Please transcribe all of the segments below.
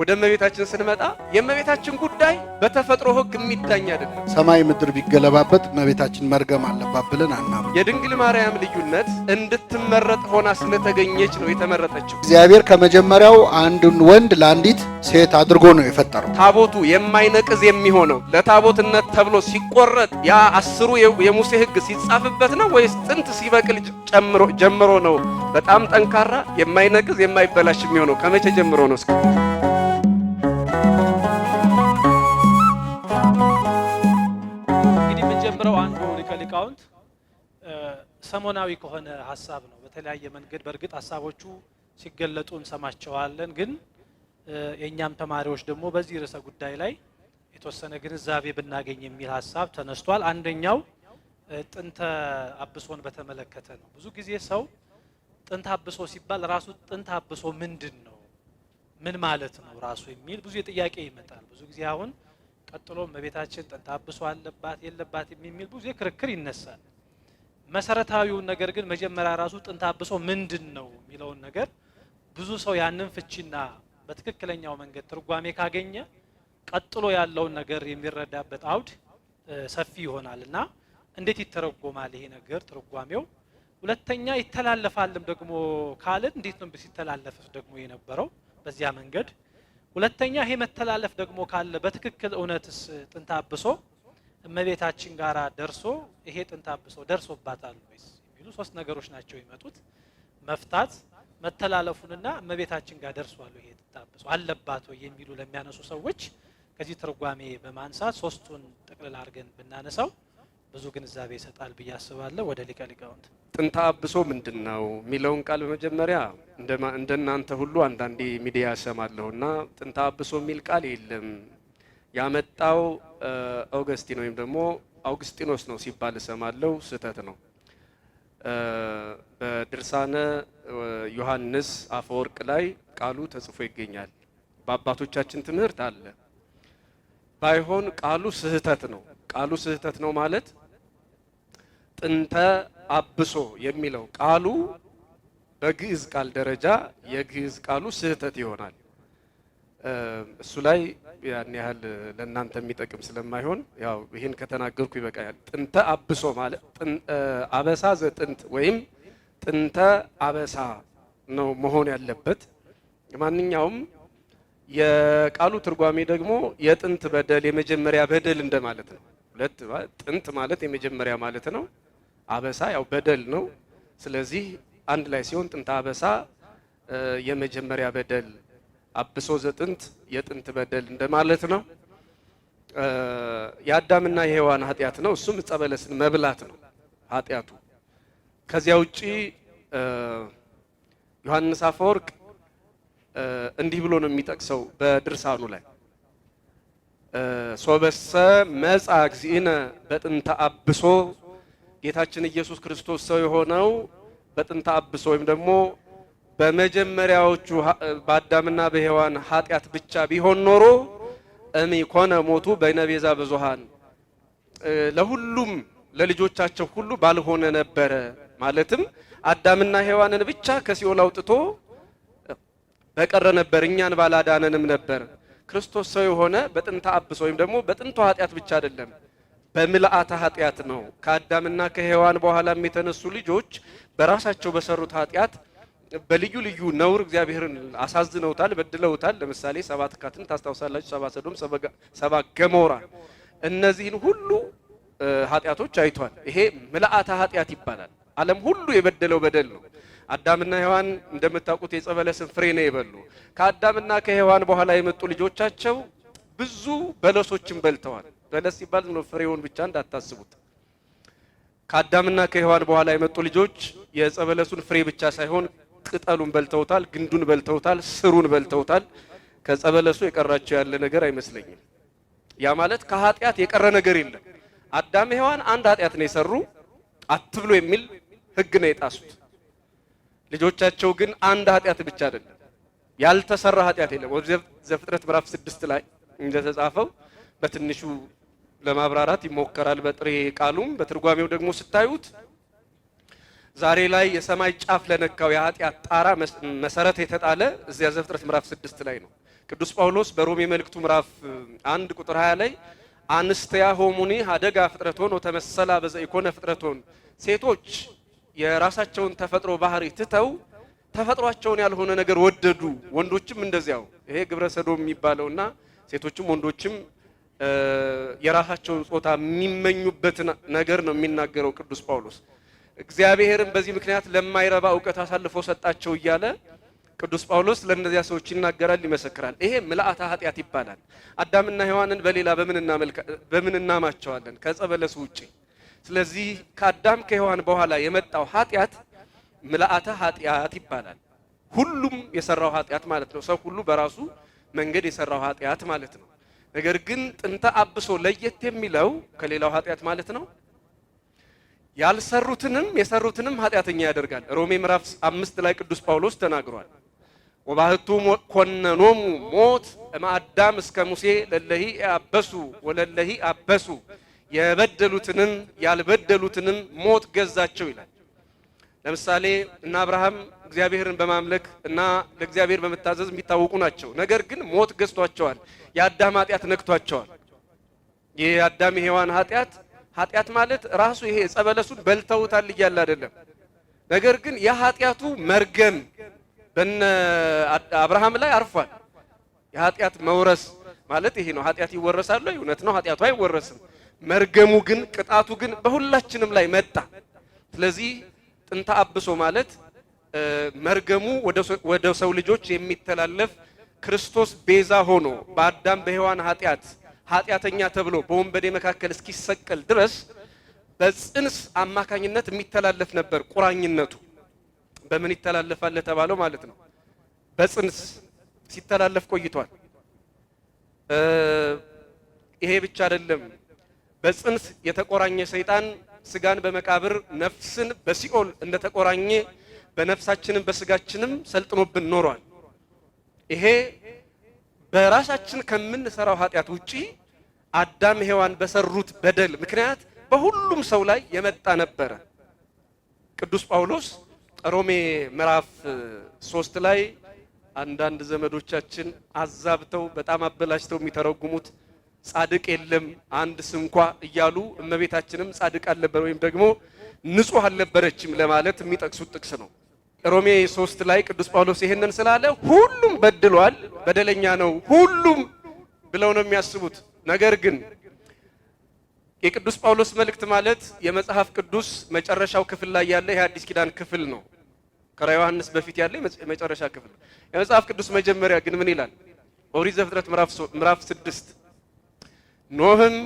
ወደ እመቤታችን ስንመጣ የእመቤታችን ጉዳይ በተፈጥሮ ሕግ የሚዳኝ አይደለም። ሰማይ ምድር ቢገለባበት እመቤታችን መርገም አለባት ብለን አናም። የድንግል ማርያም ልዩነት እንድትመረጥ ሆና ስለተገኘች ነው የተመረጠችው። እግዚአብሔር ከመጀመሪያው አንድን ወንድ ለአንዲት ሴት አድርጎ ነው የፈጠረው። ታቦቱ የማይነቅዝ የሚሆነው ለታቦትነት ተብሎ ሲቆረጥ ያ አስሩ የሙሴ ሕግ ሲጻፍበት ነው ወይስ ጥንት ሲበቅል ጀምሮ ነው? በጣም ጠንካራ የማይነቅዝ የማይበላሽ የሚሆነው ከመቼ ጀምሮ ነው? የምጀምረው አንዱ ሊቀሊቃውንት ሰሞናዊ ከሆነ ሀሳብ ነው። በተለያየ መንገድ በእርግጥ ሀሳቦቹ ሲገለጡ እንሰማቸዋለን። ግን የእኛም ተማሪዎች ደግሞ በዚህ ርዕሰ ጉዳይ ላይ የተወሰነ ግንዛቤ ብናገኝ የሚል ሀሳብ ተነስቷል። አንደኛው ጥንተ አብሶን በተመለከተ ነው። ብዙ ጊዜ ሰው ጥንተ አብሶ ሲባል ራሱ ጥንተ አብሶ ምንድን ነው ምን ማለት ነው ራሱ የሚል ብዙ የጥያቄ ይመጣል። ብዙ ጊዜ አሁን ቀጥሎ እመቤታችን ጥንታብሶ አብሶ አለባት የለባትም የሚል ብዙ ክርክር ይነሳል። መሰረታዊውን ነገር ግን መጀመሪያ ራሱ ጥንታብሶ አብሶ ምንድን ነው የሚለውን ነገር ብዙ ሰው ያንን ፍቺና በትክክለኛው መንገድ ትርጓሜ ካገኘ ቀጥሎ ያለውን ነገር የሚረዳበት አውድ ሰፊ ይሆናል እና እንዴት ይተረጎማል ይሄ ነገር ትርጓሜው ሁለተኛ ይተላለፋልም ደግሞ ካልን እንዴት ነው ሲተላለፍ ደግሞ የነበረው በዚያ መንገድ ሁለተኛ ይሄ መተላለፍ ደግሞ ካለ በትክክል እውነትስ ጥንታብሶ አብሶ እመቤታችን ጋር ደርሶ ይሄ ጥንተ አብሶ ደርሶባታል ወይስ የሚሉ ሶስት ነገሮች ናቸው ይመጡት መፍታት መተላለፉንና እመቤታችን ጋር ደርሷል ይሄ ጥንተ አብሶ አለባት ወይ የሚሉ ለሚያነሱ ሰዎች ከዚህ ትርጓሜ በማንሳት ሶስቱን ጥቅልል አድርገን ብናነሳው ብዙ ግንዛቤ ይሰጣል ብዬ አስባለሁ። ወደ ሊቀ ሊቃውንት ጥንተ አብሶ ምንድን ነው የሚለውን ቃል በመጀመሪያ እንደናንተ ሁሉ አንዳንዴ ሚዲያ ያሰማለሁ እና ጥንተ አብሶ የሚል ቃል የለም ያመጣው አውገስቲን ወይም ደግሞ አውግስጢኖስ ነው ሲባል እሰማለሁ። ስህተት ነው። በድርሳነ ዮሐንስ አፈወርቅ ላይ ቃሉ ተጽፎ ይገኛል። በአባቶቻችን ትምህርት አለ። ባይሆን ቃሉ ስህተት ነው። ቃሉ ስህተት ነው ማለት ጥንተ አብሶ የሚለው ቃሉ በግዕዝ ቃል ደረጃ የግዕዝ ቃሉ ስህተት ይሆናል። እሱ ላይ ያን ያህል ለእናንተ የሚጠቅም ስለማይሆን ያው ይህን ከተናገርኩ ይበቃያል። ጥንተ አብሶ ማለት አበሳ ዘጥንት ወይም ጥንተ አበሳ ነው መሆን ያለበት። ማንኛውም የቃሉ ትርጓሜ ደግሞ የጥንት በደል የመጀመሪያ በደል እንደማለት ነው። ሁለት ጥንት ማለት የመጀመሪያ ማለት ነው። አበሳ ያው በደል ነው። ስለዚህ አንድ ላይ ሲሆን ጥንት አበሳ የመጀመሪያ በደል፣ አብሶ ዘጥንት የጥንት በደል እንደማለት ነው። የአዳምና የሔዋን ኃጢአት ነው። እሱም ዕፀ በለስን መብላት ነው ኃጢአቱ። ከዚያ ውጪ ዮሐንስ አፈወርቅ እንዲህ ብሎ ነው የሚጠቅሰው በድርሳኑ ላይ ሶበሰ መጻ እግዚእነ በጥንተ አብሶ ጌታችን ኢየሱስ ክርስቶስ ሰው የሆነው በጥንተ አብሶ ወይም ደግሞ በመጀመሪያዎቹ በአዳምና በሔዋን ኃጢአት ብቻ ቢሆን ኖሮ እሚ ኮነ ሞቱ በነቤዛ ብዙሃን ለሁሉም ለልጆቻቸው ሁሉ ባልሆነ ነበረ። ማለትም አዳምና ሔዋንን ብቻ ከሲኦል አውጥቶ በቀረ ነበር፣ እኛን ባላዳነንም ነበር። ክርስቶስ ሰው የሆነ በጥንተ አብስ ወይም ደግሞ በጥንቱ ኃጢአት ብቻ አይደለም፣ በምልአተ ኃጢአት ነው። ከአዳምና ከሔዋን በኋላም የተነሱ ልጆች በራሳቸው በሰሩት ኃጢአት በልዩ ልዩ ነውር እግዚአብሔርን አሳዝነውታል፣ በድለውታል። ለምሳሌ ሰባ ካትን ታስታውሳላችሁ፣ ሰባ ሰዶም፣ ሰባ ገሞራ። እነዚህን ሁሉ ኃጢአቶች አይቷል። ይሄ ምልአተ ኃጢአት ይባላል። ዓለም ሁሉ የበደለው በደል ነው። አዳምና ሔዋን እንደምታውቁት የጸበለስን ፍሬ ነው የበሉ። ከአዳምና ከሔዋን በኋላ የመጡ ልጆቻቸው ብዙ በለሶችን በልተዋል። በለስ ሲባል ነው ፍሬውን ብቻ እንዳታስቡት። ከአዳምና ከሔዋን በኋላ የመጡ ልጆች የጸበለሱን ፍሬ ብቻ ሳይሆን ቅጠሉን በልተውታል፣ ግንዱን በልተውታል፣ ስሩን በልተውታል። ከጸበለሱ የቀራቸው ያለ ነገር አይመስለኝም። ያ ማለት ከኃጢአት የቀረ ነገር የለም። አዳም ሔዋን አንድ ኃጢአት ነው የሰሩ አትብሎ የሚል ህግ ነው የጣሱት። ልጆቻቸው ግን አንድ ኃጢአት ብቻ አይደለም፣ ያልተሰራ ኃጢአት የለም። ዘፍጥረት ምዕራፍ ስድስት ላይ እንደተጻፈው በትንሹ ለማብራራት ይሞከራል። በጥሬ ቃሉም በትርጓሜው ደግሞ ስታዩት ዛሬ ላይ የሰማይ ጫፍ ለነካው የኃጢአት ጣራ መሰረት የተጣለ እዚያ ዘፍጥረት ምዕራፍ ስድስት ላይ ነው። ቅዱስ ጳውሎስ በሮሜ መልእክቱ ምዕራፍ አንድ ቁጥር 20 ላይ አንስተያ ሆሙኒ አደጋ ፍጥረቶን ወተመሰላ በዘ ኢኮነ ፍጥረቶን ሴቶች የራሳቸውን ተፈጥሮ ባህሪ ትተው ተፈጥሯቸውን ያልሆነ ነገር ወደዱ። ወንዶችም እንደዚያው ይሄ ግብረ ሰዶም የሚባለውና ሴቶችም ወንዶችም የራሳቸውን ጾታ የሚመኙበት ነገር ነው የሚናገረው ቅዱስ ጳውሎስ። እግዚአብሔርን በዚህ ምክንያት ለማይረባ እውቀት አሳልፎ ሰጣቸው እያለ ቅዱስ ጳውሎስ ለእነዚያ ሰዎች ይናገራል፣ ይመሰክራል። ይሄ ምልአተ ኃጢአት ይባላል። አዳምና ሔዋንን በሌላ በምን እናማቸዋለን? ከዕፀ ውጭ? ውጪ ስለዚህ ከአዳም ከሔዋን በኋላ የመጣው ኃጢአት ምልአተ ኃጢአት ይባላል። ሁሉም የሰራው ኃጢአት ማለት ነው። ሰው ሁሉ በራሱ መንገድ የሰራው ኃጢአት ማለት ነው። ነገር ግን ጥንተ አብሶ ለየት የሚለው ከሌላው ኃጢአት ማለት ነው ያልሰሩትንም የሰሩትንም ኃጢአተኛ ያደርጋል። ሮሜ ምዕራፍ አምስት ላይ ቅዱስ ጳውሎስ ተናግሯል። ወባህቱ ኮነኖሙ ሞት እማአዳም እስከ ሙሴ ለለሂ አበሱ ወለለሂ አበሱ የበደሉትንም ያልበደሉትንም ሞት ገዛቸው ይላል። ለምሳሌ እና አብርሃም እግዚአብሔርን በማምለክ እና ለእግዚአብሔር በመታዘዝ የሚታወቁ ናቸው። ነገር ግን ሞት ገዝቷቸዋል። የአዳም ኃጢአት ነክቷቸዋል። የአዳም ሔዋን ኃጢአት ኃጢአት ማለት ራሱ ይሄ ጸበለሱን በልተውታል እያለ አይደለም። ነገር ግን የኃጢአቱ መርገም በነ አብርሃም ላይ አርፏል። የኃጢአት መውረስ ማለት ይሄ ነው። ኃጢአት ይወረሳሉ? እውነት ነው። ኃጢአቱ አይወረስም። መርገሙ ግን ቅጣቱ ግን በሁላችንም ላይ መጣ። ስለዚህ ጥንተ አብሶ ማለት መርገሙ ወደ ሰው ልጆች የሚተላለፍ ክርስቶስ ቤዛ ሆኖ በአዳም በሔዋን ኃጢአት ኃጢአተኛ ተብሎ በወንበዴ መካከል እስኪሰቀል ድረስ በጽንስ አማካኝነት የሚተላለፍ ነበር። ቁራኝነቱ በምን ይተላለፋል ተባለው ማለት ነው። በጽንስ ሲተላለፍ ቆይቷል። ይሄ ብቻ አይደለም። በጽንስ የተቆራኘ ሰይጣን ስጋን በመቃብር ነፍስን በሲኦል እንደተቆራኘ በነፍሳችንም በስጋችንም ሰልጥኖብን ኖሯል። ይሄ በራሳችን ከምንሰራው ኃጢአት ውጪ አዳም ሔዋን በሰሩት በደል ምክንያት በሁሉም ሰው ላይ የመጣ ነበረ። ቅዱስ ጳውሎስ ሮሜ ምዕራፍ ሶስት ላይ አንዳንድ ዘመዶቻችን አዛብተው በጣም አበላሽተው የሚተረጉሙት ጻድቅ የለም አንድ ስንኳ እያሉ እመቤታችንም ጻድቅ አልነበረ ወይም ደግሞ ንጹህ አልነበረችም ለማለት የሚጠቅሱት ጥቅስ ነው። ሮሜ ሶስት ላይ ቅዱስ ጳውሎስ ይሄንን ስላለ ሁሉም በድሏል፣ በደለኛ ነው ሁሉም ብለው ነው የሚያስቡት። ነገር ግን የቅዱስ ጳውሎስ መልእክት ማለት የመጽሐፍ ቅዱስ መጨረሻው ክፍል ላይ ያለ የአዲስ ኪዳን ክፍል ነው። ዮሐንስ በፊት ያለ የመጨረሻ ክፍል ነው። የመጽሐፍ ቅዱስ መጀመሪያ ግን ምን ይላል? ኦሪት ዘፍጥረት ምዕራፍ ስድስት ኖህም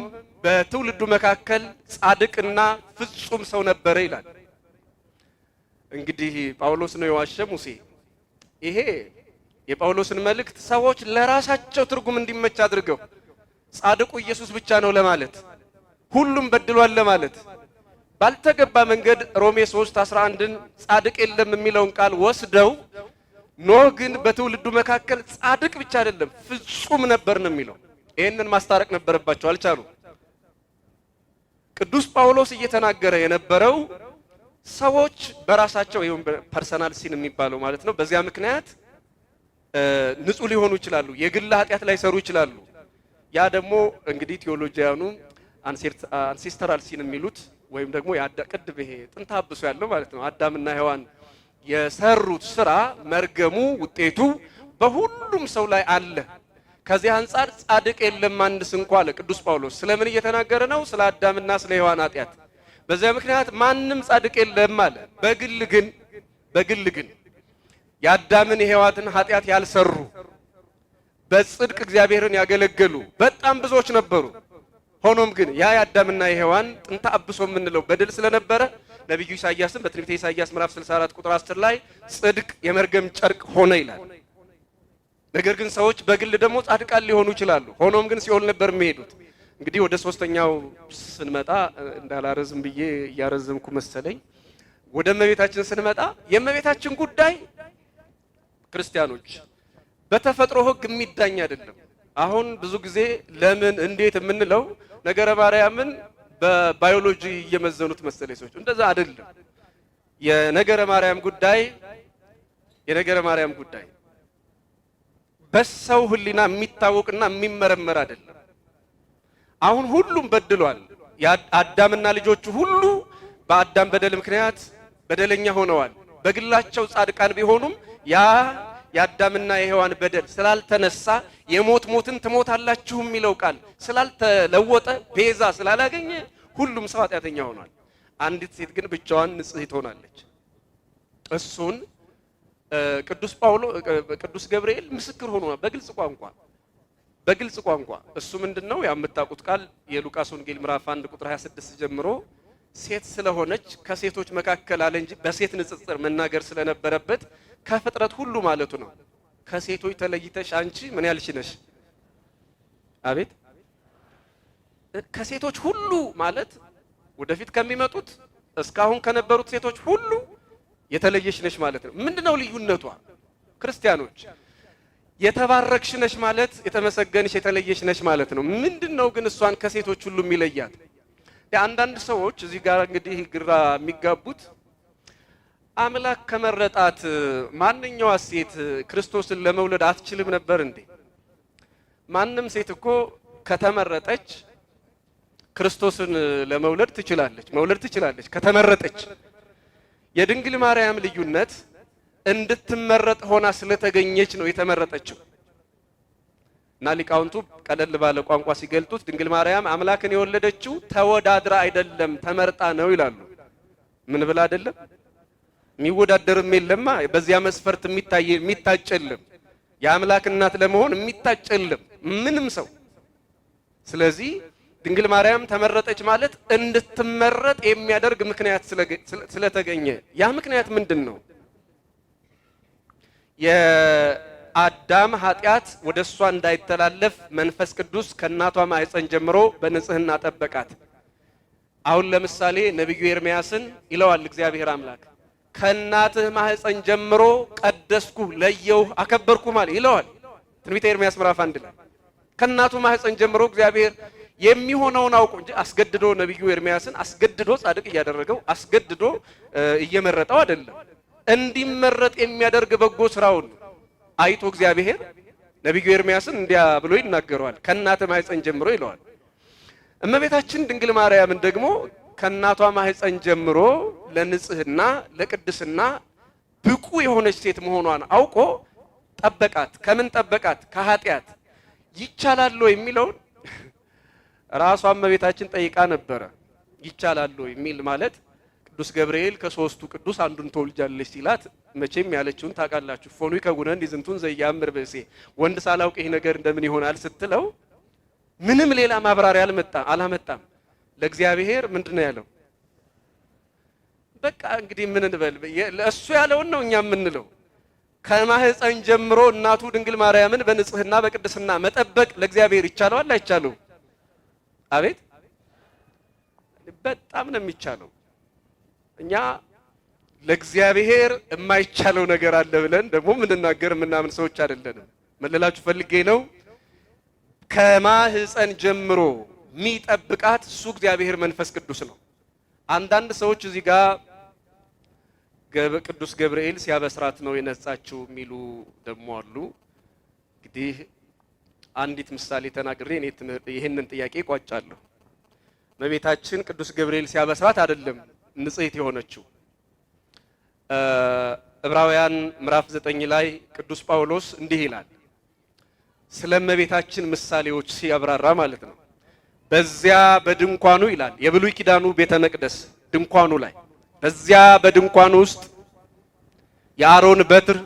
በትውልዱ መካከል ጻድቅና ፍጹም ሰው ነበረ ይላል። እንግዲህ ጳውሎስ ነው የዋሸ ሙሴ። ይሄ የጳውሎስን መልእክት ሰዎች ለራሳቸው ትርጉም እንዲመች አድርገው ጻድቁ ኢየሱስ ብቻ ነው ለማለት፣ ሁሉም በድሏል ለማለት ባልተገባ መንገድ ሮሜ 3 11ን ጻድቅ የለም የሚለውን ቃል ወስደው ኖህ ግን በትውልዱ መካከል ጻድቅ ብቻ አይደለም ፍጹም ነበር ነው የሚለው። ይህንን ማስታረቅ ነበረባቸው፣ አልቻሉ። ቅዱስ ጳውሎስ እየተናገረ የነበረው ሰዎች በራሳቸው ይሁን ፐርሰናል ሲን የሚባለው ማለት ነው። በዚያ ምክንያት ንጹህ ሊሆኑ ይችላሉ፣ የግል ኃጢአት ሰሩ ይችላሉ። ያ ደግሞ እንግዲህ ቴዎሎጂያኑ አንሴስተራል ሲን የሚሉት ወይም ደግሞ ቅድም ይሄ ጥንተ አብሶ ያለው ማለት ነው አዳምና ሔዋን የሰሩት ስራ መርገሙ ውጤቱ በሁሉም ሰው ላይ አለ ከዚህ አንጻር ጻድቅ የለም አንድስ እንኳ አለ ቅዱስ ጳውሎስ። ስለምን እየተናገረ ነው? ስለ አዳምና ስለ ሔዋን ኃጢአት። በዚያ ምክንያት ማንም ጻድቅ የለም አለ። በግል ግን በግል ግን የአዳምን የሔዋትን ኃጢአት ያልሰሩ በጽድቅ እግዚአብሔርን ያገለገሉ በጣም ብዙዎች ነበሩ። ሆኖም ግን ያ የአዳምና የሔዋን ጥንተ አብሶ የምንለው በደል ስለነበረ ነቢዩ ኢሳያስም በትንቢተ ኢሳያስ ምዕራፍ 64 ቁጥር 10 ላይ ጽድቅ የመርገም ጨርቅ ሆነ ይላል። ነገር ግን ሰዎች በግል ደግሞ ጻድቃን ሊሆኑ ይችላሉ። ሆኖም ግን ሲኦል ነበር የሚሄዱት። እንግዲህ ወደ ሶስተኛው ስንመጣ እንዳላረዝም ብዬ እያረዘምኩ መሰለኝ። ወደ እመቤታችን ስንመጣ የእመቤታችን ጉዳይ ክርስቲያኖች በተፈጥሮ ሕግ የሚዳኝ አይደለም። አሁን ብዙ ጊዜ ለምን እንዴት የምንለው ነገረ ማርያምን በባዮሎጂ እየመዘኑት መሰለኝ ሰዎች። እንደዛ አይደለም። የነገረ ማርያም ጉዳይ የነገረ ማርያም ጉዳይ በሰው ህሊና የሚታወቅና የሚመረመር አይደለም። አሁን ሁሉም በድሏል። አዳምና ልጆቹ ሁሉ በአዳም በደል ምክንያት በደለኛ ሆነዋል። በግላቸው ጻድቃን ቢሆኑም ያ የአዳምና የሔዋን በደል ስላልተነሳ የሞት ሞትን ትሞታላችሁ የሚለው ቃል ስላልተለወጠ ቤዛ ስላላገኘ ሁሉም ሰው ኃጢአተኛ ሆኗል። አንዲት ሴት ግን ብቻዋን ንጽሕት ሆናለች። እሱን ቅዱስ ጳውሎስ ቅዱስ ገብርኤል ምስክር ሆኖ በግልጽ ቋንቋ በግልጽ ቋንቋ እሱ ምንድነው የምታውቁት ቃል የሉቃስ ወንጌል ምዕራፍ 1 ቁጥር 26 ጀምሮ ሴት ስለሆነች ከሴቶች መካከል አለ እንጂ በሴት ንጽጽር መናገር ስለነበረበት ከፍጥረት ሁሉ ማለቱ ነው። ከሴቶች ተለይተሽ አንቺ ምን ያልሽ ነሽ? አቤት ከሴቶች ሁሉ ማለት ወደፊት ከሚመጡት እስካሁን ከነበሩት ሴቶች ሁሉ የተለየሽ ነሽ ማለት ነው። ምንድነው ልዩነቷ? ክርስቲያኖች የተባረክሽ ነሽ ማለት የተመሰገንሽ የተለየሽ ነሽ ማለት ነው። ምንድነው ግን እሷን ከሴቶች ሁሉ የሚለያት? አንዳንድ ሰዎች እዚህ ጋር እንግዲህ ግራ የሚጋቡት አምላክ ከመረጣት ማንኛዋ ሴት ክርስቶስን ለመውለድ አትችልም ነበር እንዴ? ማንም ሴት እኮ ከተመረጠች ክርስቶስን ለመውለድ ትችላለች፣ መውለድ ትችላለች ከተመረጠች የድንግል ማርያም ልዩነት እንድትመረጥ ሆና ስለተገኘች ነው የተመረጠችው። እና ሊቃውንቱ ቀለል ባለ ቋንቋ ሲገልጡት ድንግል ማርያም አምላክን የወለደችው ተወዳድራ አይደለም ተመርጣ ነው ይላሉ። ምን ብላ አይደለም? የሚወዳደርም የለማ። በዚያ መስፈርት የሚታጨልም የአምላክ እናት ለመሆን የሚታጨልም ምንም ሰው ስለዚህ ድንግል ማርያም ተመረጠች ማለት እንድትመረጥ የሚያደርግ ምክንያት ስለተገኘ ያ ምክንያት ምንድን ነው? የአዳም ኃጢአት ወደ እሷ እንዳይተላለፍ መንፈስ ቅዱስ ከእናቷ ማኅፀን ጀምሮ በንጽህና ጠበቃት። አሁን ለምሳሌ ነቢዩ ኤርምያስን ይለዋል እግዚአብሔር አምላክ ከእናትህ ማኅፀን ጀምሮ ቀደስኩ፣ ለየው፣ አከበርኩ ማለት ይለዋል። ትንቢተ ኤርምያስ ምዕራፍ አንድ ላይ ከእናቱ ማኅፀን ጀምሮ እግዚአብሔር የሚሆነውን አውቆ እንጂ አስገድዶ ነቢዩ ኤርሚያስን አስገድዶ ጻድቅ እያደረገው አስገድዶ እየመረጠው አይደለም። እንዲመረጥ የሚያደርግ በጎ ስራውን አይቶ እግዚአብሔር ነቢዩ ኤርሚያስን እንዲያ ብሎ ይናገረዋል። ከእናተ ማህፀን ጀምሮ ይለዋል። እመቤታችን ድንግል ማርያምን ደግሞ ከእናቷ ማህፀን ጀምሮ ለንጽህና ለቅድስና ብቁ የሆነች ሴት መሆኗን አውቆ ጠበቃት። ከምን ጠበቃት? ከኃጢአት ይቻላል የሚለውን ራሷን እመቤታችን ጠይቃ ነበረ ይቻላል የሚል ማለት ቅዱስ ገብርኤል ከሶስቱ ቅዱስ አንዱን ተወልጃለች ሲላት መቼም ያለችውን ታውቃላችሁ። ፎኑ ከጉነን ዝንቱን ዘያምር ብእሴ ወንድ ሳላውቅ ይህ ነገር እንደምን ይሆናል ስትለው ምንም ሌላ ማብራሪያ አላመጣም። ለእግዚአብሔር ምንድን ነው ያለው? በቃ እንግዲህ ምን እንበል፣ ለእሱ ያለውን ነው እኛ የምንለው። ከማህፀን ጀምሮ እናቱ ድንግል ማርያምን በንጽህና በቅድስና መጠበቅ ለእግዚአብሔር ይቻለዋል አይቻለው አቤት በጣም ነው የሚቻለው። እኛ ለእግዚአብሔር የማይቻለው ነገር አለ ብለን ደግሞ የምንናገር የምናምን ሰዎች አይደለንም። መለላችሁ ፈልጌ ነው። ከማህፀን ጀምሮ የሚጠብቃት እሱ እግዚአብሔር መንፈስ ቅዱስ ነው። አንዳንድ ሰዎች እዚህ ጋር ቅዱስ ገብርኤል ሲያበስራት ነው የነጻችው የሚሉ ደግሞ አሉ። እንግዲህ አንዲት ምሳሌ ተናግሬ እኔ ይህንን ጥያቄ ቋጫለሁ። እመቤታችን ቅዱስ ገብርኤል ሲያበስራት አይደለም ንጽሕት የሆነችው። ዕብራውያን ምዕራፍ ዘጠኝ ላይ ቅዱስ ጳውሎስ እንዲህ ይላል ስለ እመቤታችን ምሳሌዎች ሲያብራራ ማለት ነው። በዚያ በድንኳኑ ይላል የብሉይ ኪዳኑ ቤተ መቅደስ ድንኳኑ ላይ በዚያ በድንኳኑ ውስጥ የአሮን በትር፣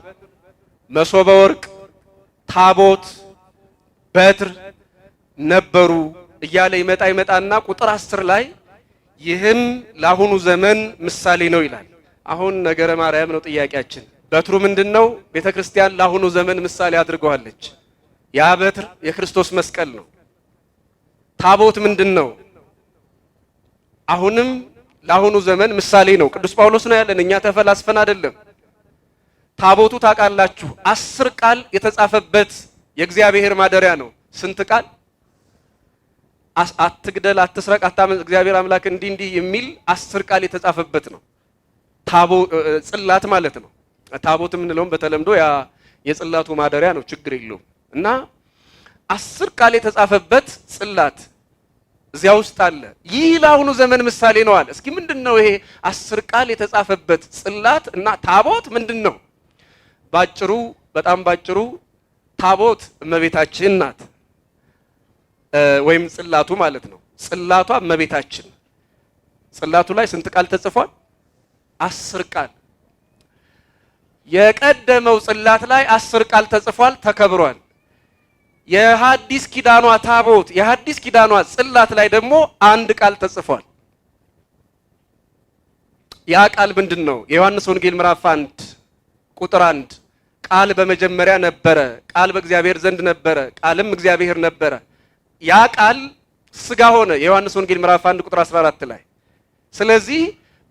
መሶበ ወርቅ፣ ታቦት በትር ነበሩ እያለ ይመጣ ይመጣና ቁጥር አስር ላይ ይህም ለአሁኑ ዘመን ምሳሌ ነው ይላል። አሁን ነገረ ማርያም ነው ጥያቄያችን። በትሩ ምንድን ነው? ቤተ ክርስቲያን ለአሁኑ ዘመን ምሳሌ አድርገዋለች። ያ በትር የክርስቶስ መስቀል ነው። ታቦት ምንድን ነው? አሁንም ለአሁኑ ዘመን ምሳሌ ነው። ቅዱስ ጳውሎስ ነው ያለን። እኛ ተፈላስፈን አይደለም። ታቦቱ ታውቃላችሁ፣ አስር ቃል የተጻፈበት የእግዚአብሔር ማደሪያ ነው። ስንት ቃል አትግደል፣ አትስረቅ፣ አታመጽ፣ እግዚአብሔር አምላክ እንዲህ እንዲህ የሚል አስር ቃል የተጻፈበት ነው። ታቦ ጽላት ማለት ነው። ታቦት የምንለውም በተለምዶ ያ የጽላቱ ማደሪያ ነው። ችግር የለውም እና አስር ቃል የተጻፈበት ጽላት እዚያ ውስጥ አለ። ይህ ለአሁኑ ዘመን ምሳሌ ነው አለ። እስኪ ምንድን ነው ይሄ አስር ቃል የተጻፈበት ጽላት እና ታቦት ምንድን ነው? ባጭሩ፣ በጣም ባጭሩ ታቦት እመቤታችን ናት፣ ወይም ጽላቱ ማለት ነው። ጽላቷ እመቤታችን። ጽላቱ ላይ ስንት ቃል ተጽፏል? አስር ቃል። የቀደመው ጽላት ላይ አስር ቃል ተጽፏል፣ ተከብሯል። የሐዲስ ኪዳኗ ታቦት የሐዲስ ኪዳኗ ጽላት ላይ ደግሞ አንድ ቃል ተጽፏል። ያ ቃል ምንድን ነው? የዮሐንስ ወንጌል ምዕራፍ አንድ ቁጥር አንድ ቃል በመጀመሪያ ነበረ፣ ቃል በእግዚአብሔር ዘንድ ነበረ፣ ቃልም እግዚአብሔር ነበረ። ያ ቃል ስጋ ሆነ። የዮሐንስ ወንጌል ምዕራፍ 1 ቁጥር 14 ላይ። ስለዚህ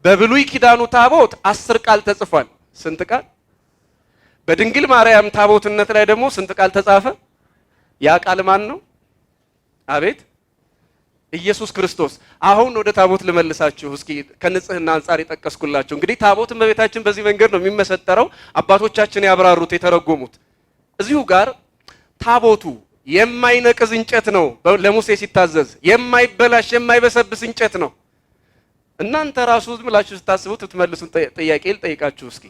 በብሉይ ኪዳኑ ታቦት አስር ቃል ተጽፏል። ስንት ቃል? በድንግል ማርያም ታቦትነት ላይ ደግሞ ስንት ቃል ተጻፈ? ያ ቃል ማን ነው? አቤት ኢየሱስ ክርስቶስ። አሁን ወደ ታቦት ልመልሳችሁ እስኪ ከንጽህና አንጻር የጠቀስኩላችሁ። እንግዲህ ታቦትን በቤታችን በዚህ መንገድ ነው የሚመሰጠረው። አባቶቻችን ያብራሩት የተረጎሙት እዚሁ ጋር ታቦቱ የማይነቅዝ እንጨት ነው፣ ለሙሴ ሲታዘዝ የማይበላሽ የማይበሰብስ እንጨት ነው። እናንተ ራሱ ብላችሁ ስታስቡት ትመልሱን ጥያቄ ልጠይቃችሁ እስኪ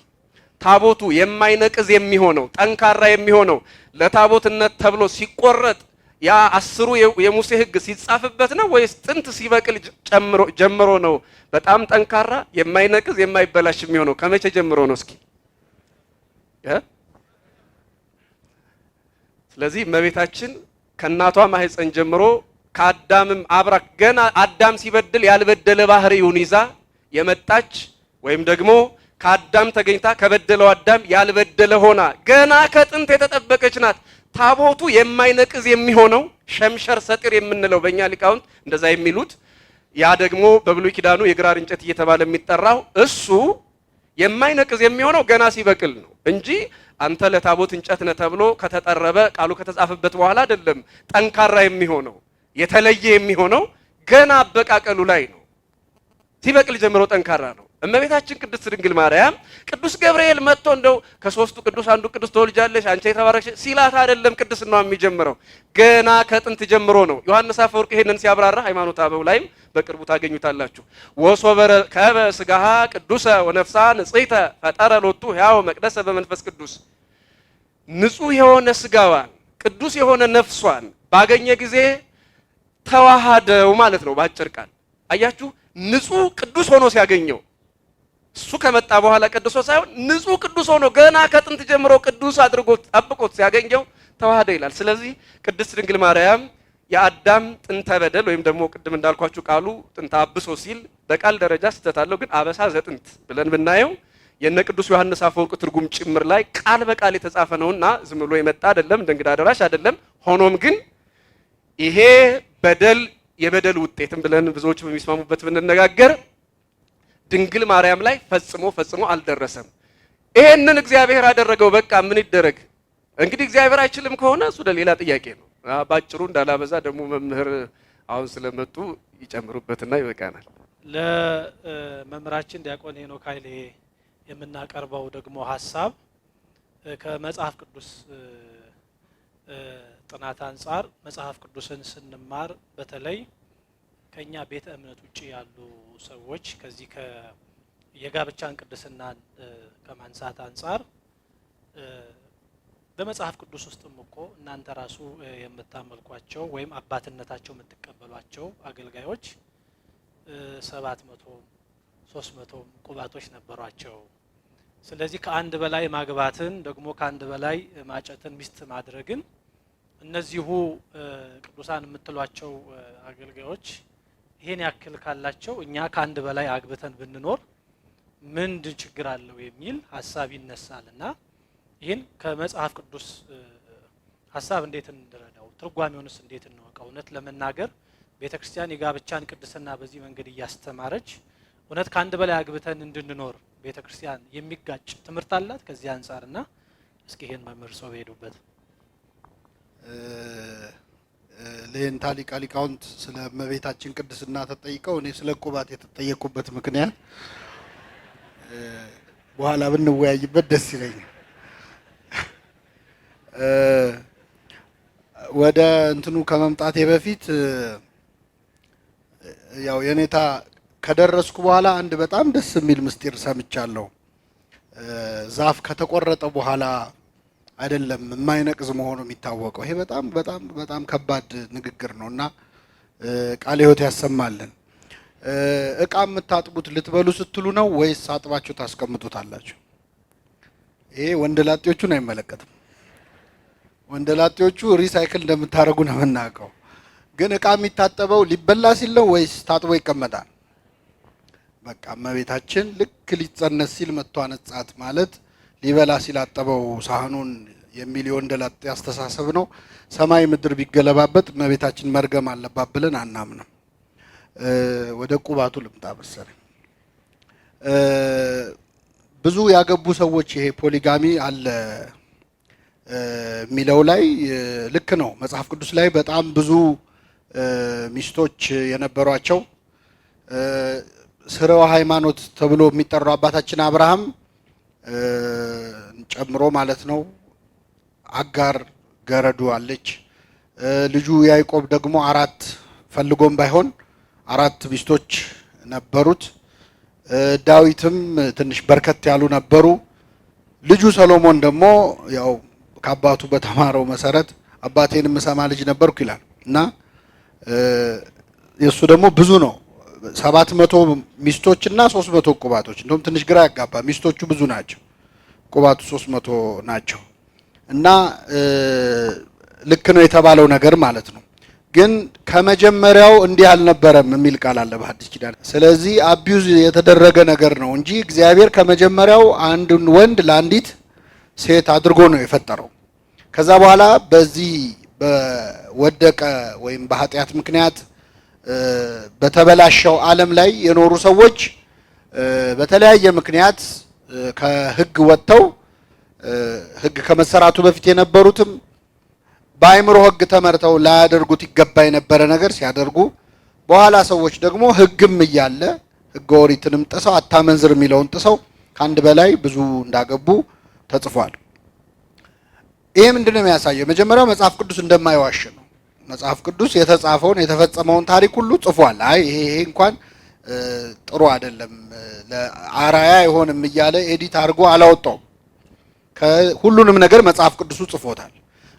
ታቦቱ የማይነቅዝ የሚሆነው ጠንካራ የሚሆነው ለታቦትነት ተብሎ ሲቆረጥ ያ አስሩ የሙሴ ህግ ሲጻፍበት ነው ወይስ ጥንት ሲበቅል ጀምሮ ነው? በጣም ጠንካራ የማይነቅዝ የማይበላሽ የሚሆነው ከመቼ ጀምሮ ነው? እስኪ ስለዚህ እመቤታችን ከእናቷ ማህፀን ጀምሮ ከአዳምም አብራ ገና አዳም ሲበድል ያልበደለ ባህሪውን ይዛ የመጣች ወይም ደግሞ ከአዳም ተገኝታ ከበደለው አዳም ያልበደለ ሆና ገና ከጥንት የተጠበቀች ናት። ታቦቱ የማይነቅዝ የሚሆነው ሸምሸር ሰጢር የምንለው በእኛ ሊቃውንት እንደዛ የሚሉት ያ ደግሞ በብሉይ ኪዳኑ የግራር እንጨት እየተባለ የሚጠራው እሱ የማይነቅዝ የሚሆነው ገና ሲበቅል ነው እንጂ አንተ ለታቦት እንጨት ነህ ተብሎ ከተጠረበ ቃሉ ከተጻፈበት በኋላ አይደለም። ጠንካራ የሚሆነው የተለየ የሚሆነው ገና አበቃቀሉ ላይ ነው። ሲበቅል ጀምሮ ጠንካራ ነው። እመቤታችን ቅድስት ድንግል ማርያም ቅዱስ ገብርኤል መጥቶ እንደው ከሶስቱ ቅዱስ አንዱ ቅዱስ ተወልጃለሽ አንቺ የተባረክሽ ሲላት አይደለም ቅድስናዋ የሚጀምረው ገና ከጥንት ጀምሮ ነው። ዮሐንስ አፈወርቅ ይሄንን ሲያብራራ ሃይማኖተ አበው ላይም በቅርቡ ታገኙታላችሁ። ወሶበረ ከበ ስጋሃ ቅዱሰ ወነፍሳ ንጽሕተ ፈጠረ ሎቱ ሕያው መቅደሰ በመንፈስ ቅዱስ ንጹህ የሆነ ስጋዋን ቅዱስ የሆነ ነፍሷን ባገኘ ጊዜ ተዋሃደው ማለት ነው። ባጭር ቃል አያችሁ፣ ንጹህ ቅዱስ ሆኖ ሲያገኘው እሱ ከመጣ በኋላ ቅዱሶ ሳይሆን ንጹህ ቅዱስ ሆኖ ገና ከጥንት ጀምሮ ቅዱስ አድርጎ ጠብቆት ሲያገኘው ተዋህደ ይላል። ስለዚህ ቅድስት ድንግል ማርያም የአዳም ጥንተ በደል ወይም ደግሞ ቅድም እንዳልኳችሁ ቃሉ ጥንተ አብሶ ሲል በቃል ደረጃ ስህተት አለው፣ ግን አበሳ ዘጥንት ብለን ብናየው የነ ቅዱስ ዮሐንስ አፈወርቅ ትርጉም ጭምር ላይ ቃል በቃል የተጻፈ ነውና ዝም ብሎ የመጣ አይደለም፣ እንደ እንግዳ አይደለም። ሆኖም ግን ይሄ በደል የበደል ውጤትም ብለን ብዙዎች በሚስማሙበት ብንነጋገር ድንግል ማርያም ላይ ፈጽሞ ፈጽሞ አልደረሰም። ይሄንን እግዚአብሔር አደረገው። በቃ ምን ይደረግ እንግዲህ። እግዚአብሔር አይችልም ከሆነ እሱ ለሌላ ጥያቄ ነው። ባጭሩ እንዳላበዛ ደግሞ መምህር አሁን ስለመጡ ይጨምሩበትና ይበቃናል። ለመምህራችን ዲያቆን ሄኖክ ኃይሌ የምናቀርበው ደግሞ ሀሳብ ከመጽሐፍ ቅዱስ ጥናት አንጻር መጽሐፍ ቅዱስን ስንማር በተለይ ከኛ ቤተ እምነት ውጭ ያሉ ሰዎች ከዚህ የጋብቻን ቅዱስና ከማንሳት አንጻር በመጽሐፍ ቅዱስ ውስጥም እኮ እናንተ ራሱ የምታመልኳቸው ወይም አባትነታቸው የምትቀበሏቸው አገልጋዮች ሰባት መቶ ሶስት መቶም ቁባቶች ነበሯቸው። ስለዚህ ከአንድ በላይ ማግባትን ደግሞ ከአንድ በላይ ማጨትን ሚስት ማድረግን እነዚሁ ቅዱሳን የምትሏቸው አገልጋዮች ይሄን ያክል ካላቸው እኛ ከአንድ በላይ አግብተን ብንኖር ምንድን ችግር አለው የሚል ሀሳብ ይነሳል እና ይህን ከመጽሐፍ ቅዱስ ሀሳብ እንዴት እንረዳው? ትርጓሜውንስ እንዴት እንወቀው? እውነት ለመናገር ቤተ ክርስቲያን የጋብቻን ቅድስና በዚህ መንገድ እያስተማረች እውነት ከአንድ በላይ አግብተን እንድንኖር ቤተ ክርስቲያን የሚጋጭ ትምህርት አላት ከዚህ አንጻር እና እስኪ ይህን መምህር ሰው በሄዱበት ለየንታ ሊቃ ሊቃውንት ስለ እመቤታችን ቅድስና ተጠይቀው እኔ ስለ ቁባት የተጠየቁበት ምክንያት በኋላ ብንወያይበት ደስ ይለኛል። ወደ እንትኑ ከመምጣቴ በፊት ያው የኔታ ከደረስኩ በኋላ አንድ በጣም ደስ የሚል ምስጢር ሰምቻለሁ። ዛፍ ከተቆረጠ በኋላ አይደለም የማይነቅዝ መሆኑ የሚታወቀው። ይሄ በጣም በጣም በጣም ከባድ ንግግር ነው እና ቃለ ሕይወት ያሰማልን። እቃ የምታጥቡት ልትበሉ ስትሉ ነው ወይስ አጥባችሁ ታስቀምጡታላችሁ? ይሄ ወንደላጤዎቹን አይመለከትም። ወንደላጤዎቹ ሪሳይክል እንደምታደርጉ ነው የምናውቀው። ግን እቃ የሚታጠበው ሊበላ ሲል ነው ወይስ ታጥቦ ይቀመጣል? በቃ እመቤታችን ልክ ሊጸነስ ሲል መጥቶ አነጻት ማለት ሊበላ ሲላጠበው ሳህኑን የሚል የወንደላጤ አስተሳሰብ ነው። ሰማይ ምድር ቢገለባበት እመቤታችን መርገም አለባት ብለን አናምንም። ወደ ቁባቱ ልምጣ መሰለኝ። ብዙ ያገቡ ሰዎች ይሄ ፖሊጋሚ አለ የሚለው ላይ ልክ ነው። መጽሐፍ ቅዱስ ላይ በጣም ብዙ ሚስቶች የነበሯቸው ስርወ ሃይማኖት ተብሎ የሚጠሩ አባታችን አብርሃም ጨምሮ ማለት ነው። አጋር ገረዱ አለች። ልጁ ያዕቆብ ደግሞ አራት ፈልጎም ባይሆን አራት ሚስቶች ነበሩት። ዳዊትም ትንሽ በርከት ያሉ ነበሩ። ልጁ ሰሎሞን ደግሞ ያው ከአባቱ በተማረው መሰረት አባቴን የምሰማ ልጅ ነበርኩ ይላል እና የእሱ ደግሞ ብዙ ነው ሰባት መቶ ሚስቶች እና ሶስት መቶ ቁባቶች። እንደውም ትንሽ ግራ ያጋባ። ሚስቶቹ ብዙ ናቸው፣ ቁባቱ ሶስት መቶ ናቸው። እና ልክ ነው የተባለው ነገር ማለት ነው። ግን ከመጀመሪያው እንዲህ አልነበረም የሚል ቃል አለ በሐዲስ ኪዳን። ስለዚህ አቢዩዝ የተደረገ ነገር ነው እንጂ እግዚአብሔር ከመጀመሪያው አንድን ወንድ ለአንዲት ሴት አድርጎ ነው የፈጠረው። ከዛ በኋላ በዚህ በወደቀ ወይም በኃጢአት ምክንያት በተበላሸው ዓለም ላይ የኖሩ ሰዎች በተለያየ ምክንያት ከህግ ወጥተው ህግ ከመሰራቱ በፊት የነበሩትም በአእምሮ ህግ ተመርተው ላያደርጉት ይገባ የነበረ ነገር ሲያደርጉ በኋላ ሰዎች ደግሞ ህግም እያለ ህገ ኦሪትንም ጥሰው አታመንዝር የሚለውን ጥሰው ከአንድ በላይ ብዙ እንዳገቡ ተጽፏል። ይሄ ምንድን ነው የሚያሳየው? መጀመሪያው መጽሐፍ ቅዱስ እንደማይዋሽ ነው። መጽሐፍ ቅዱስ የተጻፈውን የተፈጸመውን ታሪክ ሁሉ ጽፏል። አይ ይሄ ይሄ እንኳን ጥሩ አይደለም ለአራያ አይሆንም እያለ ኤዲት አድርጎ አላወጣውም። ከሁሉንም ነገር መጽሐፍ ቅዱሱ ጽፎታል።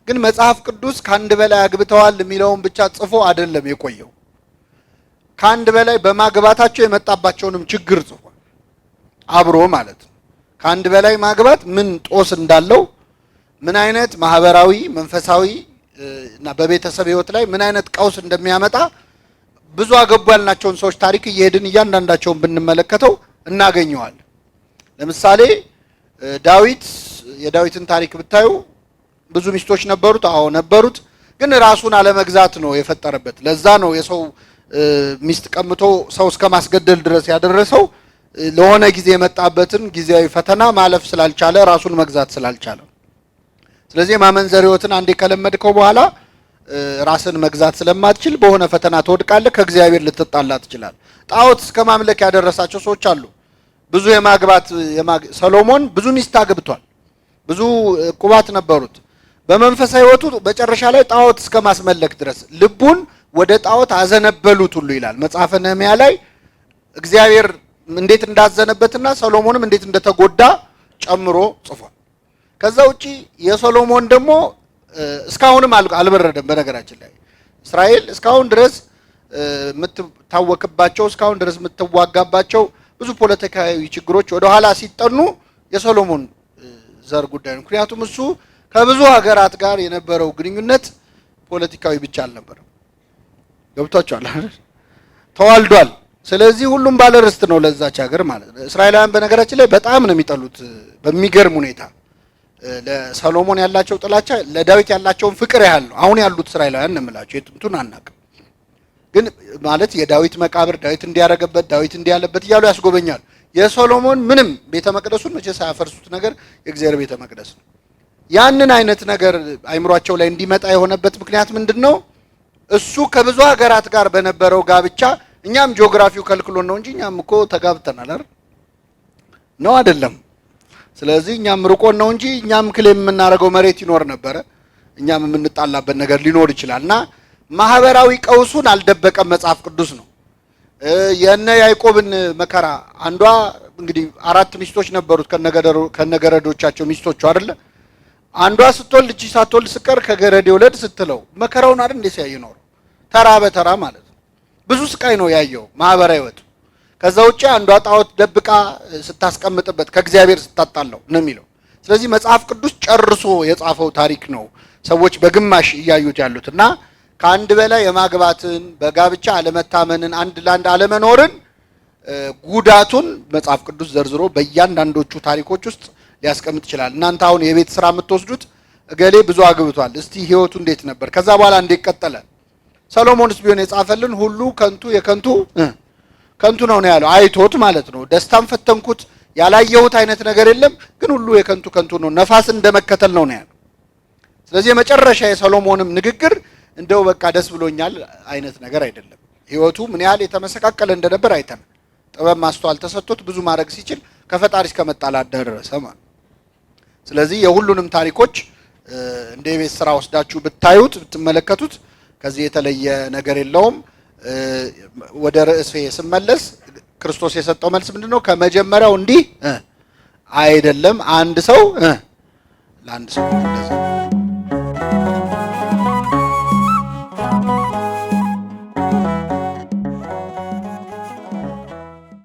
ግን መጽሐፍ ቅዱስ ከአንድ በላይ አግብተዋል የሚለውን ብቻ ጽፎ አይደለም የቆየው። ከአንድ በላይ በማግባታቸው የመጣባቸውንም ችግር ጽፏል አብሮ ማለት ነው። ከአንድ በላይ ማግባት ምን ጦስ እንዳለው ምን አይነት ማህበራዊ መንፈሳዊ እና በቤተሰብ ህይወት ላይ ምን አይነት ቀውስ እንደሚያመጣ ብዙ አገቡ ያልናቸውን ሰዎች ታሪክ እየሄድን እያንዳንዳቸውን ብንመለከተው እናገኘዋል። ለምሳሌ ዳዊት የዳዊትን ታሪክ ብታዩ ብዙ ሚስቶች ነበሩት። አዎ ነበሩት። ግን ራሱን አለመግዛት ነው የፈጠረበት። ለዛ ነው የሰው ሚስት ቀምቶ ሰው እስከ ማስገደል ድረስ ያደረሰው። ለሆነ ጊዜ የመጣበትን ጊዜያዊ ፈተና ማለፍ ስላልቻለ ራሱን መግዛት ስላልቻለ ስለዚህ የማመንዘር ህይወትን አንዴ ከለመድከው በኋላ ራስን መግዛት ስለማትችል በሆነ ፈተና ትወድቃለህ። ከእግዚአብሔር ልትጣላ ትችላል። ጣዖት እስከ ማምለክ ያደረሳቸው ሰዎች አሉ። ብዙ የማግባት ሰሎሞን ብዙ ሚስት አግብቷል። ብዙ ቁባት ነበሩት። በመንፈሳዊ ህይወቱ መጨረሻ ላይ ጣዖት እስከ ማስመለክ ድረስ ልቡን ወደ ጣዖት አዘነበሉት ሁሉ ይላል መጽሐፈ ነህምያ ላይ እግዚአብሔር እንዴት እንዳዘነበትና ሰሎሞንም እንዴት እንደተጎዳ ጨምሮ ጽፏል። ከዛ ውጪ የሶሎሞን ደግሞ እስካሁንም አልበረደም። በነገራችን ላይ እስራኤል እስካሁን ድረስ የምትታወክባቸው እስካሁን ድረስ የምትዋጋባቸው ብዙ ፖለቲካዊ ችግሮች ወደኋላ ሲጠኑ የሶሎሞን ዘር ጉዳይ ነው። ምክንያቱም እሱ ከብዙ ሀገራት ጋር የነበረው ግንኙነት ፖለቲካዊ ብቻ አልነበረም። ገብቷቸዋል፣ ተዋልዷል። ስለዚህ ሁሉም ባለርስት ነው ለዛች ሀገር ማለት ነው። እስራኤላውያን በነገራችን ላይ በጣም ነው የሚጠሉት በሚገርም ሁኔታ ለሰሎሞን ያላቸው ጥላቻ ለዳዊት ያላቸውን ፍቅር ያህል ነው። አሁን ያሉት እስራኤላውያን እንምላቸው የጥንቱን አናቅም፣ ግን ማለት የዳዊት መቃብር ዳዊት እንዲያረገበት ዳዊት እንዲያለበት እያሉ ያስጎበኛሉ። የሶሎሞን ምንም ቤተ መቅደሱን መቼ ሳያፈርሱት ነገር የእግዚአብሔር ቤተ መቅደስ ነው። ያንን አይነት ነገር አይምሯቸው ላይ እንዲመጣ የሆነበት ምክንያት ምንድን ነው? እሱ ከብዙ ሀገራት ጋር በነበረው ጋብቻ እኛም ጂኦግራፊው ከልክሎን ነው እንጂ እኛም እኮ ተጋብተናል። ነው? አይደለም ስለዚህ እኛም ርቆን ነው እንጂ እኛም ክሌም የምናደርገው መሬት ይኖር ነበረ፣ እኛም የምንጣላበት ነገር ሊኖር ይችላል እና ማህበራዊ ቀውሱን አልደበቀም መጽሐፍ ቅዱስ ነው። የነ ያዕቆብን መከራ አንዷ እንግዲህ አራት ሚስቶች ነበሩት ከነገረዶቻቸው ሚስቶቹ አይደለ አንዷ ስትወልድ እቺ ሳትወልድ ስቀር ከገረዴ ውለድ ስትለው መከራውን አይደል እንዴ ሲያይ ኖረው ተራ በተራ ማለት ነው። ብዙ ስቃይ ነው ያየው ማህበራዊ ህይወቱ ከዛ ውጭ አንዷ ጣዖት ደብቃ ስታስቀምጥበት ከእግዚአብሔር ስታጣለው ነው የሚለው። ስለዚህ መጽሐፍ ቅዱስ ጨርሶ የጻፈው ታሪክ ነው ሰዎች በግማሽ እያዩት ያሉት እና ከአንድ በላይ የማግባትን በጋብቻ አለመታመንን፣ አንድ ለአንድ አለመኖርን ጉዳቱን መጽሐፍ ቅዱስ ዘርዝሮ በእያንዳንዶቹ ታሪኮች ውስጥ ሊያስቀምጥ ይችላል። እናንተ አሁን የቤት ስራ የምትወስዱት እገሌ ብዙ አግብቷል፣ እስቲ ህይወቱ እንዴት ነበር? ከዛ በኋላ እንዴት ቀጠለ? ሰሎሞንስ ቢሆን የጻፈልን ሁሉ ከንቱ የከንቱ ከንቱ ነው ነው ያለው። አይቶት ማለት ነው። ደስታም ፈተንኩት ያላየሁት አይነት ነገር የለም፣ ግን ሁሉ የከንቱ ከንቱ ነው፣ ነፋስ እንደመከተል ነው ነው ያለው። ስለዚህ የመጨረሻ የሰሎሞንም ንግግር እንደው በቃ ደስ ብሎኛል አይነት ነገር አይደለም። ህይወቱ ምን ያህል የተመሰቃቀለ እንደነበር አይተን ጥበብ ማስተዋል ተሰጥቶት ብዙ ማድረግ ሲችል ከፈጣሪ እስከ መጣላት ደረሰ ማለት። ስለዚህ የሁሉንም ታሪኮች እንደ የቤት ስራ ወስዳችሁ ብታዩት ብትመለከቱት ከዚህ የተለየ ነገር የለውም። ወደ ርዕሴ ስመለስ ክርስቶስ የሰጠው መልስ ምንድን ነው? ከመጀመሪያው እንዲህ አይደለም። አንድ ሰው ለአንድ ሰው